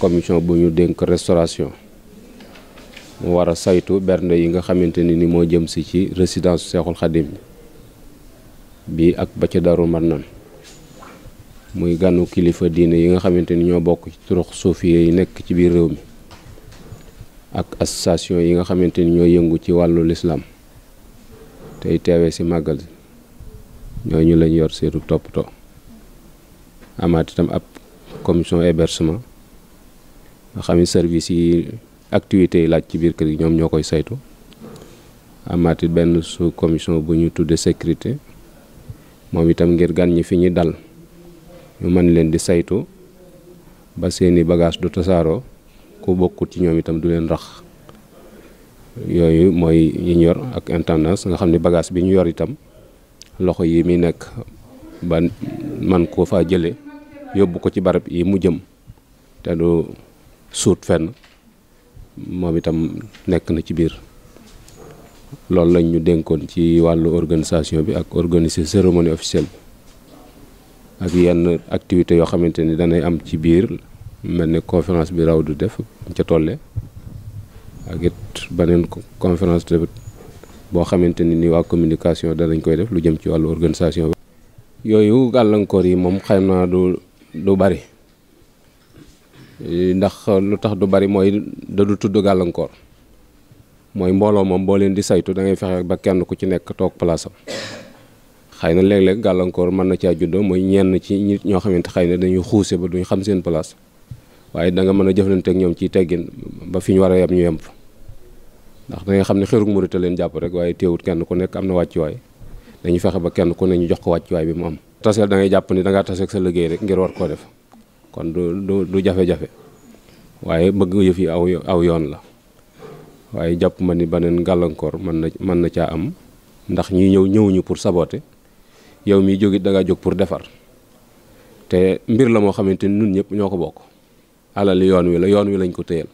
commission bu ñu dénk restauration mu war a saytu bernde yi nga xamante ni ni moo jëm si ci résidence Seexul Xadim bi ak ba ca daru Marnaan muy ganu kilifa diine yi nga xamante ni ñoo bokk ci turux suufiye yi nekk ci biir réew mi ak association yi nga xamante ni ñoo yëngu ci wàllu lislaam tey teewee si ñoo ñu lañ yor seetu toppatoo amaat itam ab commission hébergement nga xam ne service yi activités yi laaj ci biir kër gi ñoom ñoo koy saytu amaati benn sous commission bu ñu tudde sécurité moom itam ngir gan ñi fi ñu dal ñu mën leen di saytu ba seeni bagage du tasaaroo ku bokkut ci ñoom itam du leen rax yooyu mooy yi yor ak intendance nga xam ni bagage bi ñu yor itam loxo yi mi nekk ba man koo faa jële yóbbu ko ci barab yi mu jëm te du suut fenn moom itam nekk na ci biir loolu lañ ñu dénkoon ci wàllu organisation bi ak organiser cérémonie officielle bi ak yenn activité yoo xamante ni danay am ci biir mel ni conférence bi raw du def ca tolle ak it beneen conférence de boo xamante ni waa communication danañ koy def lu jëm ci wàllu organisation bi. yooyu gàllankoor yi moom xëy naa du du bari. Eh, ndax lu tax du bari mooy da du tudd gàllankoor mooy mbooloo moom boo leen di saytu da ngay fexe ba kenn ku ci nekk toog place am xëy na léeg gàllankoor mën na caa juddoo mooy ñenn ci ñoo xamante xëy na dañuy xuuse ba duñ xam seen place waaye da nga mën a jëflante ñoom ci teggin ba fi ñu war a yem ñu yem fa ndax da nga xam ne xërug murita leen jàpp rek waaye teewut kenn ku nekk am na wàccuwaay dañuy fexe ba kenn ku ne ñu jox ko wàccuwaay bi mu am taseel da ngay jàpp ni da ngaa tase sa liggéey rek ngir war koo def kon du du jafe-jafe waaye bëgg yëf yi aw aw yoon la waaye jàpp ma ni beneen gàllankoor mën na mën na caa am ndax ñi ñëw ñëwuñu pour saboter yow mii jógit da jóg pour defar te mbir la moo xamante ni ñun ñëpp ñoo ko bokk alal yoon wi la yoon wi lañ ko téyal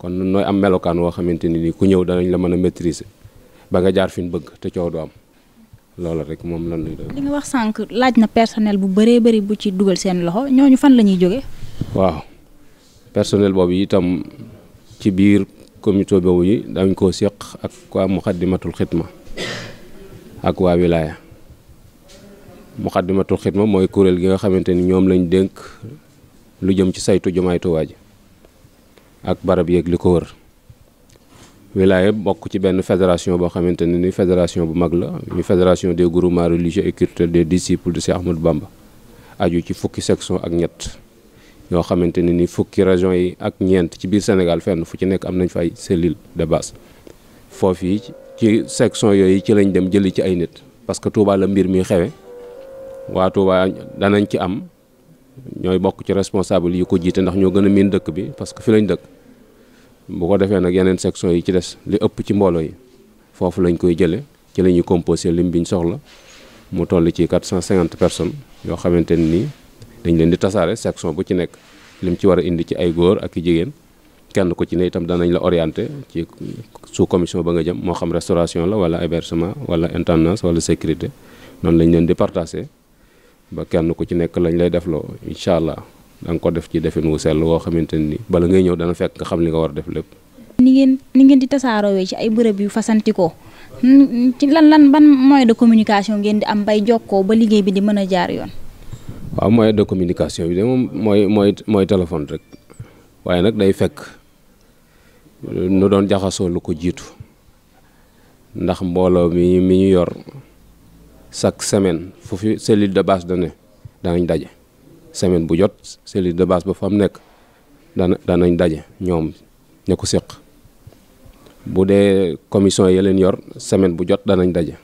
kon nun nooy am melokaan woo xamante ni ku ñëw danañ la mën a maîtriser ba nga jaar fi ñu bëgg te coow du am loolu rek moom lan lay doon. li nga wax sànq laaj na personnel bu baree bëri bu ci dugal seen loxo ñoo ñu fan la ñuy jóge waaw personnel boobu itam ci biir comité boobu yi dañ koo séq ak waa Muxaddamatul ma ak waa Wilaya Muxaddamatul Xidma mooy kuréel gi nga xamante ni ñoom lañ dénk lu jëm ci saytu jumaay Tuubaa ji ak barab yeeg li ko wër. wilaya bokk ci benn fédération boo xamante ne ni fédération bu mag la ñu fédération des groupements religieux et culturels des disciples de Cheikh Ahmadou Bamba aju ci fukki section ak ñett ñoo xamante ne ni fukki régions yi ak ñeent ci biir Sénégal fenn fu ci nekk am nañ fay ay cellule de base foofu yi ci section yooyu ci lañ dem jëli ci ay nit parce que Touba mbir mi xewe waa Touba danañ ci am ñooy bokk ci responsable yi ko jiite ndax ñoo gën a miin dëkk bi parce que fi lañ dëkk bu ko defee nag yeneen section yi ci des li ëpp ci mbooloo yi foofu lañ koy jële ci la ñuy composé lim biñ soxla mu toll ci 450 personnes yoo xamante ne nii dañ leen di tasaare section bu ci nekk lim ci war a indi ci ay góor ak i jigéen kenn ku ci ne itam danañ la orienté ci su commission ba nga jëm moo xam restauration la wala hébergement wala intendance wala sécurité noonu lañ leen di partagé ba kenn ku ci nekk lañ lay defloo incha allah. da nga ko def ci defin wu sell woo xamante nii bala ngay ñëw dana fekk nga xam ni nga war a def lépp. ni ngeen ni ngeen di tasaaroowee ci ay bërëb yu fasantikoo ci lan lan ban mooy de communication ngeen di am bay jokkoo ba liggéey bi di mën a jaar yoon. waaw moyen de communication bi de moom mooy mooy mooy téléphone rek waaye nag day fekk nu doon jaxasoo lu ko jiitu ndax mbooloo mi mi ñu yor chaque semaine fu fi cellule de base dane danañ daje. semaine bu jot cellule de base ba fa mu nekk dana danañ daje ñoom ña ko séq bu dee commission yeleen yor semaine bu jot danañ daje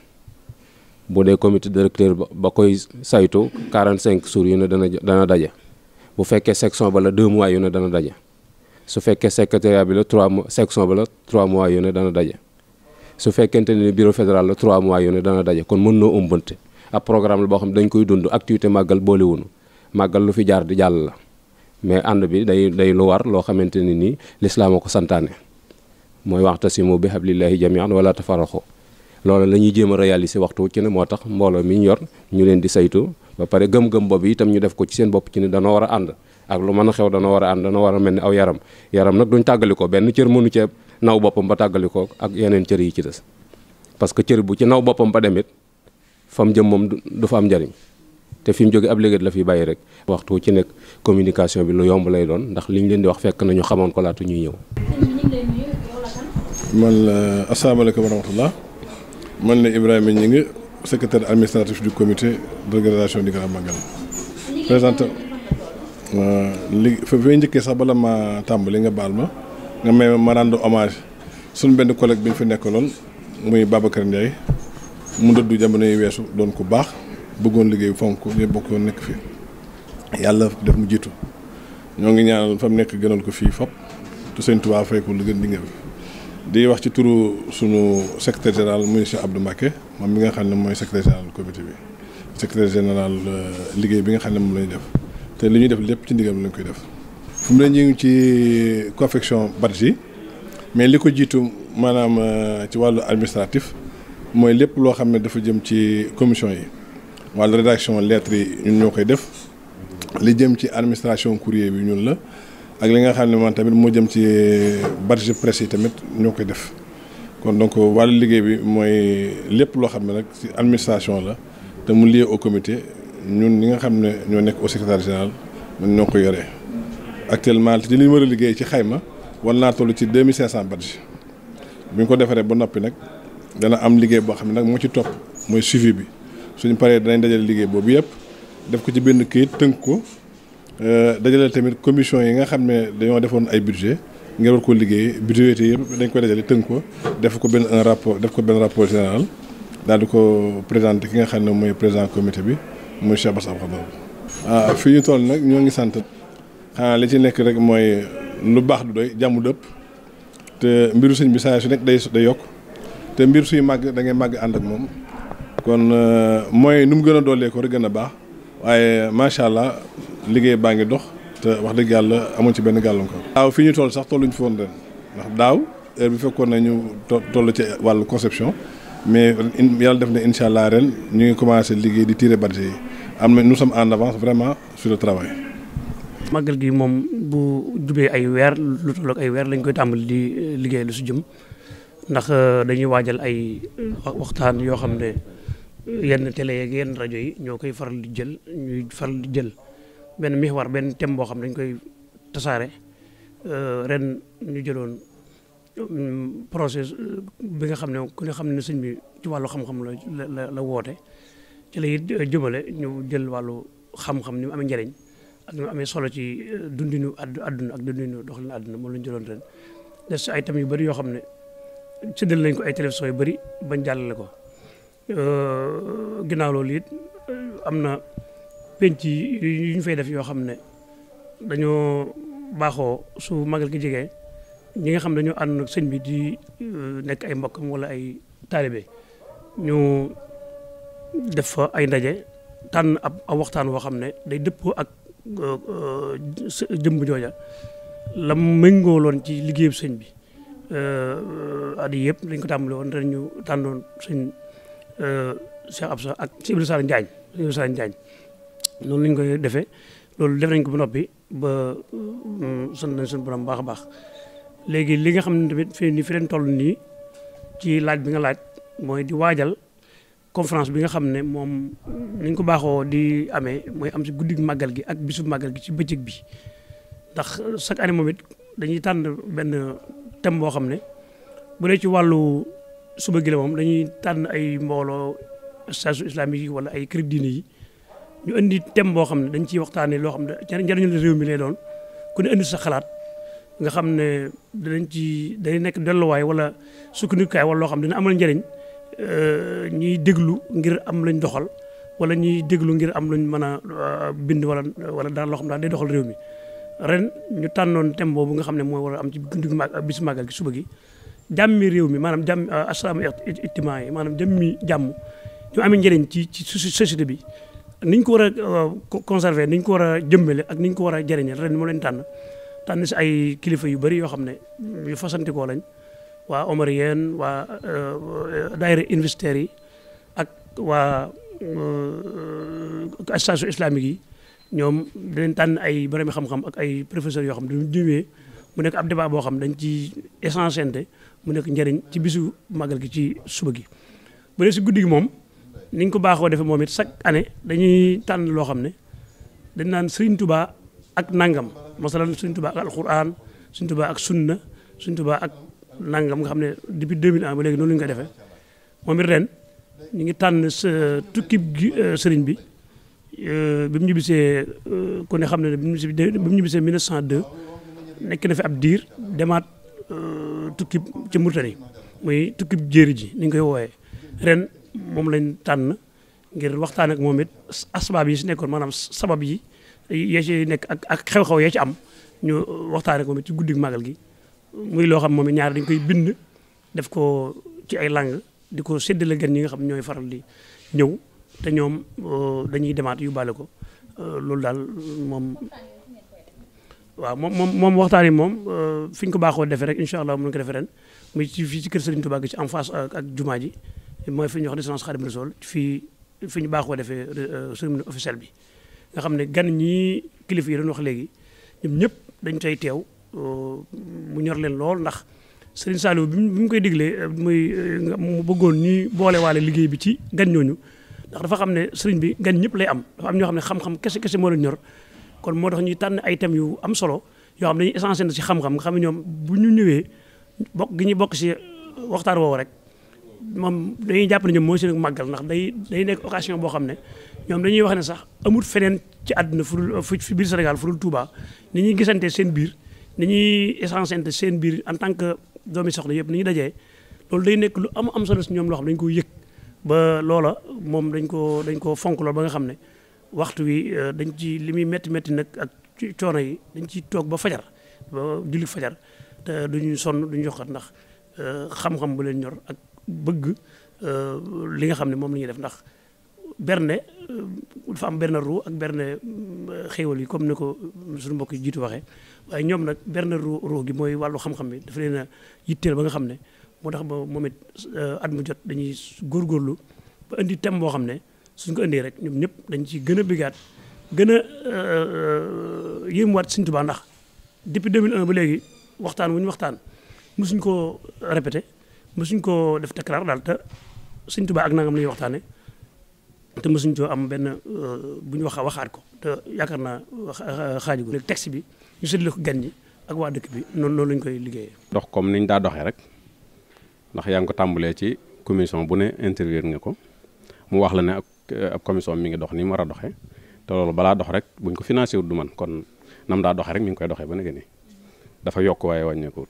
bu dee comité directeur ba koy sayto saytu 45 jours yu ne dana dana daje bu fekkee section ba la 2 mois yu ne dana daje su fekkee secrétariat bi la 3 mois section la 3 mois yu ne dana daje su fekkente ne bureau fédéral la 3 mois yu ne dana daje kon mën noo ëmbante ab programme la boo xam ne dañ koy dund activité màggal boolewunu màggal lu fi jaar di jàll la mais ànd bi day day lu war loo xamante ne nii lislaam a ko santaane mooy si waxtasimu bi hablillahi jamian wala tafarraqu loolu lañuy ñuy jéem a réaliser waxtu ci ne moo tax mbooloo mi ñu yor ñu leen di saytu ba pare gëm-gëm boobu itam ñu def ko ci seen bopp ci ne danoo war a ànd ak lu mën a xew danoo war a ànd danoo war a mel ni aw yaram yaram nag duñ tàggali ko benn cër mënu cee naw boppam ba tàggali ko ak yeneen cër yi ci des parce que cër bu ci naw boppam ba demit fam jëm moom du fa am njariñ te fi mu jóge ab légat la fi bàyyi rek waxtu ci nekk communication bi lu yomb lay doon ndax li ñu leen di wax fekk nañu xamoon ko laatu ñuy ñëw man la asalaamaaleykum wa rahmatullah man la Ibrahima Gningue secrétaire administratif du comité d'organisation du Grand Magal présenté li fa njëkkee sax bala ma tàmbali nga baal ma nga may ma rendre hommage suñ benn collègue bi ñu fi nekk lool muy Babacar Ndiaye mu dëddu jamono yi weesu doon ku baax bëggoon liggéey fonk ñoo bokk yoon nekk fi yàlla def mu jiitu ñoo ngi ñaanal fa mu nekk gënal ko fii fop te sëñ Tuubaa fay ko lu gën di ngeen di wax ci turu sunu secrétaire général monsieur Abdou Mbacké moom mi nga xam ne mooy secrétaire général comité bi secrétaire général euh, liggéey bi nga xam ne moom la def te li ñuy def lépp ci ndigal lañ koy def fu mu ne ñu ngi ci confection badge yi mais li ko jiitu maanaam euh, ci wàllu administratif mooy lépp loo xam ne dafa jëm ci commission yi wàllu rédaction lettres yi ñun ñoo koy def li jëm ci administration courier bi ñun la ak li nga xam ne man tamit moo jëm ci eh, barge presse yi tamit ñoo koy def kon donc euh, wàllu liggéey bi mooy lépp loo xam ne rek ci administration la te mu lié au comité ñun ñi nga xam ne ñoo nekk au secrétaire général ma ñoo ko yoree actuellement te li ñu war a liggéey ci xayma war naa tollu ci 2500 badge bi ñu ko defaree ba noppi nag dana am liggéey boo xam ne nag moo ci topp mooy suivi bi suñu paree danañ dajale liggéey boobu yëpp def ko ci benn kayit tënk ko euh, dajale tamit commission yi nga xam ne dañoo defoon ay budget ngir war koo liggéey budget yëpp dañ koy dajale tënk ko def ko benn un rapport def ko benn rapport général daal di ko présenté ki nga xam ne mooy président comité bi muy Cheikh Bass Abdou Khadre ah, fii ñu toll nag ñoo ngi sant xanaa li ci nekk rek mooy lu baax du doy jàmm dëpp te mbiru sëñ bi saa su nekk day day yokk te mbir suy màgg da ngay màgg ànd ak moom kon euh, mooy nu mu gën a doolee ko gën a baax waaye macha allah liggéey baa ngi dox te wax dëgg yàlla amoon ci benn gàllankoor. daaw fi ñu toll sax tolluñ fi woon ndax daaw heure bi fekkoon na ñu toll ci wàllu conception mais yàlla def na incha allah ren ñu ngi commencé liggéey di tiire budget yi am na nu sam en avance vraiment su le travail. gi moom bu jubee ay weer lu tolloog ay weer lañ koy tàmbali di liggéey lu si jëm ndax euh, dañuy waajal ay waxtaan yoo xam ne. yenn télé yeeg yenn rajo yi ñoo koy faral di jël ñuy faral di jël benn mihwar benn thème boo xam dañ koy tasaare euh, ren ñu jëloon mm, process euh, bi nga xam ne ku ne xam ne sëñ bi ci wàllu xam-xam la woote ci la it euh, ñu jël wàllu xam-xam ni mu amee njëriñ ak ni mu amee solo ci dundinu àdduna ak dundinu doxalin àdduna moom la ñu jëloon ren des ay thèmes yu bari yoo xam ne séddal nañ ko ay télévision yu bari bañ jàllale ko. Euh, ginnaaw loolu euh, am na penc yu ñu fay def yoo xam ne dañoo baaxoo su magal gi jege ñi nga xam ne dañoo ànd ak sëñ bi di euh, nekk ay mbokkam wala ay taalibe ñu def fa ay ndaje tànn ab ab waxtaan woo xam ne day dëppoo ak jëmb jooja la méngoo loon ci liggéeyub sëñ bi at yii yëpp dañ ko tàmbali woon ren ñu tànnoon sëñ Cheikh Absa ak ci Ibrahima Sall Njaañ Ibrahima Sall Njaañ noonu lañ koy defee loolu def nañ ko ba noppi ba mm, sant nañ suñu borom baax a baax léegi li nga xam ne tamit fi ni fi leen toll nii ci laaj bi nga laaj mooy di waajal conférence bi nga xam ne moom niñ ko baaxoo di amee mooy am si guddi màggal gi ak bisu màggal gi ci bëccëg bi ndax chaque année moom it dañuy tànn benn thème boo xam ne bu dee ci wàllu suba gi la moom dañuy tànn ay mbooloo association islamique yi wala ay kër diine yi ñu indi thème boo xam ne dañ ciy waxtaanee loo xam ne njëriñu réew mi lay doon ku ne sa xalaat nga xam ne dinañ ci day nekk delluwaay wala sukkandikaay wala loo xam ne dina amal njëriñ euh, ñuy déglu ngir am lañ doxal wala ñuy déglu ngir am luñ mën a euh, bind wala wala daal loo xam daal day doxal réew mi ren ñu tànnoon thème boobu nga xam ne mooy war am ci guddi bis màggal gi suba gi jàmmi réew mi maanaam jàmm euh, asalaamu yi maanaam jàmmi jàmm ñu amee njëriñ ci ci société bi ni ñu ko war a euh, conserver ni ñu ko war a jëmbale ak ni ñu ko war a jëriñal ren moo leen tànn tànn si ay kilifa yu bëri yoo xam ne yu fasantikoo lañ waa Omarien waa euh, daayira investisseurs yi ak waa association islamique yi ñoom leen tànn ay borom xam-xam ak ay professeurs yoo xam ne du ñëwee mu nekk ab débat boo xam dañ ci essentiellement mu nekk njariñ ci bisu màggal gi ci suba gi. ba dee si guddi gi moom niñ ko baaxoo defee moom it chaque année dañuy tànn loo xam ne dañ naan Serigne tubaa ak nangam masalan Serigne tubaa ak alquran Serigne Touba ak sunna Serigne Touba ak nangam nga xam ne depuis 2001 ba léegi noonu la ñu koy defee moom it ren ñu ngi tànn tukki euh, Serigne bi. Euh, bi mu ñibbisee euh, ku ne xam ne bi mu ñibbisee 1902 nekk na fi ab diir demaat tukki ci Mauritanie muy tukki jéeri ji ni ñu koy wooyee ren moom lañ tànn ngir waxtaan ak moom it asbaab yi si nekkoon maanaam sabab yi yee nekk ak ak xew-xew yee ci am ñu waxtaan ak moom ci guddi màggal gi muy loo xam moom it ñaar dañ koy bind def ko ci ay langue di ko séddale gan ñi nga xam ñooy faral di ñëw te ñoom euh, dañuy demaat yóbbaale ko euh, loolu daal moom waaw moom moom moom waxtaan yi moom euh, fi ñu ko baaxoo defee rek incha allah mën ko defee ren mu ci fii ci kër Serigne Touba ci en face ak jumaa ji mooy fi ñuy wax résidence Khadim Rassoul fii fi ñu baaxoo defee euh, cérémonie officielle bi nga xam ne gan ñii kilifa yi doon wax léegi ñoom ñëpp dañ cay teew euh, mu ñor leen lool ndax Serigne Saliou bi mu koy diglee muy mu bëggoon ñuy boole waale liggéey bi ci gan ñooñu ndax dafa xam ne Serigne bi gan ñëpp lay am dafa am ñoo xam ne xam-xam kese kese moo leen ñor kon moo tax ñuy tànn ay thèmes yu am solo yoo xam dañuy essentiel si ci xam-xam nga xam ne ñoom bu ñu ñëwee bokk gi ñu bokk ci waxtaan woowu rek moom dañuy jàpp ne ñoom mooy seen ndax day day nekk occasion boo xam ne ñoom dañuy wax ne sax amut feneen ci àdduna fu dul fi biir Sénégal fu dul Touba ni ñuy gisante seen biir ni ñuy essentiel seen biir en tant que doomi soxla yëpp ni ñu dajee loolu day nekk lu am am solo si ñoom loo xam dañ ko yëg ba loola moom dañ koo dañ ko fonk loolu ba nga xam ne waxtu wi euh, dañ ci li muy métti métti nag ak coono yi dañu ciy toog ba fajar ba julli fajar te duñu sonn duñu joxat ndax euh, xam-xam bu leen ñor ak bëgg euh, li nga xam ne moom la ñuy def ndax berne dafa am berne ak berne xéewal yi comme ni ko suñu mbokk yi jiitu waxee waaye ñoom nag berne roue gi mooy wàllu xam bi dafa leen a yitteel ba nga xam ne moo tax ba moom it at mu jot dañuy góorgóorlu ba indi thème boo xam ne suñ ko indee rek ñoom ñëpp dañ ci gën a bigaat gën a euh, euh, yéemuwaat Sëriñ Tuubaa ndax depuis 2001 ba léegi waxtaan wu ñu waxtaan mosuñ koo répété mosuñ koo def takraar daal te Sëriñ Tuubaa ak nangam la ñuy waxtaane te mosuñ coo am benn euh, bu ñu wax waxaat ko te yaakaar naa xaaju gu texte bi ñu seetlu ko gan ñi ak waa dëkk bi noonu noonu lañ koy liggéeyee. dox comme niñ daa doxee rek ndax yaa ngi ko tàmbalee ci commission bu ne intervenir nga ko mu wax la ne ak Euh, ab commission mi ngi dox ni mu war a doxee te loolu balaa dox rek buñ ko financé wut du man kon nam daa doxe rek mi ngi koy doxee ba nga ni dafa yokk waaye wàññeekuwut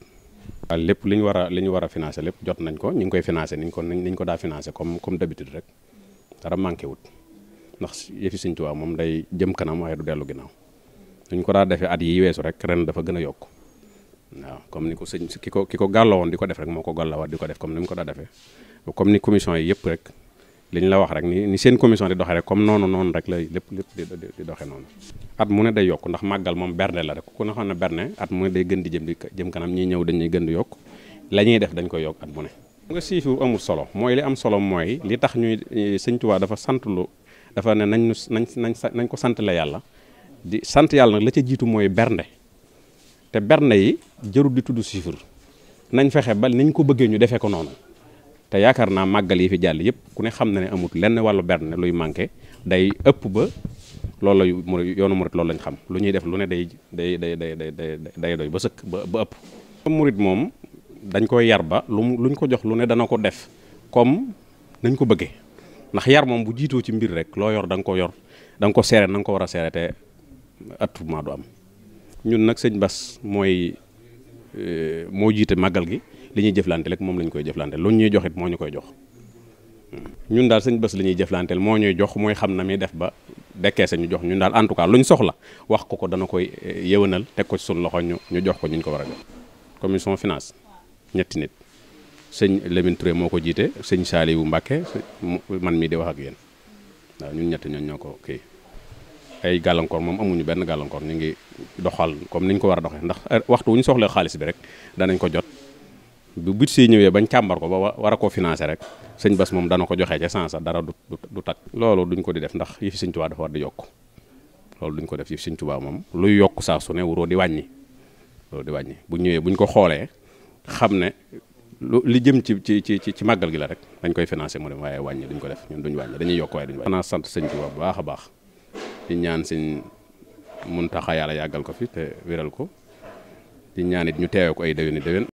waaw lépp li ñu war a li ñu war a financé lépp jot nañ ko ñu ngi koy financé niñ ko niñ ko daa financé comme comme d'habitude rek dara manqué wut ndax yëfi Sëñ Tuubaa moom day jëm kanam waaye du dellu ginnaaw ñu ko daa defee at yi weesu rek ren dafa gën a yokk waaw comme ni ko sëñ ki ko ki ko di ko def rek moo ko gàllawaat di ko def comme ni mu ko daa defee comme ni commission yi yëpp rek li ñu la wax rek ni ni seen commission di doxee rek comme noonu noonu rek la lépp lépp di doxee noonu at mu ne day yokk ndax màggal moom berne la rek ku ne xam ne berne at mu ne day gën di jëm di jëm kanam ñiy ñëw dañuy gën di yokk la ñuy def dañ koy yokk at mu ne nga siifu amul solo mooy li am solo mooy li tax ñuy eh, sëñ Tuubaa dafa sant lu dafa ne nañ nañ nañ nañ ko sant la yàlla di sant yàlla nag la ca jiitu mooy bernde te bernde yi jëru di tudd chiffre nañ fexe ba niñ ko bëggee ñu defee ko noonu te yaakaar naa màggal yi fi jàll yëpp ku ne xam na ne amut lenn wàllu berne luy manqué day ëpp ba loolu yoonu murit loolu lañ xam lu ñuy def lu ne day day day day day day doy ba sëkk ba ba ëpp. murit moom dañ koy yar ba lu luñ ko jox lu ne dana ko def comme nañ ko bëggee ndax yar moom bu jiitoo ci mbir rek loo yor da nga ko yor danga ko seere na nga ko war a seere te attroupement du am ñun nag sëñ Bas mooy euh, moo jiite màggal gi. li ñuy jëflante rek moom la koy jëflante lu ñuy joxit moo ñu koy jox ñun daal sëñ bés li ñuy jëflanteel moo ñuy jox mooy xam na mii def ba dekkee sa ñu jox ñun daal en tout cas luñ soxla wax ko ko dana koy eh, yëwanal teg ko ci suñu loxo ñu ñu jox ko ñu ko war a jox commission ñetti nit sëñ Lamine moo ko jiite sëñ Saliou Mbacke man mii di wax ak yéen waaw ñun ñetti ñoon ñoo ko kii moom amuñu benn gàllankoor ñu ngi doxal comme niñ ko war a doxee ndax eh, waxtu wuñ soxla xaalis bi rek danañ ko jot bu but si ñëwee bañ càmbar ko ba war a koo financé rek sëñ bas moom dana ko joxee ca sansa dara du du takk looloo duñ ko di def ndax yëfi sëñ tubaa dafa war di yokk loolu duñ ko def yëfi sëñ tubaa moom luy yokk saa su ne wuroo di wàññi di wàññi bu ñëwee buñ ko xoolee xam ne lu li jëm ci ci ci ci màggal gi la rek dañ koy financé mu waaye wàññi duñ ko def ñun duñ wàññi dañuy yokk waaye duñ wàññi sant sëñ tubaa bu baax a baax di ñaan mun taxa yàlla yàggal ko fi te wéral ko di ñaan it ñu teewee ko ay déwéni déwén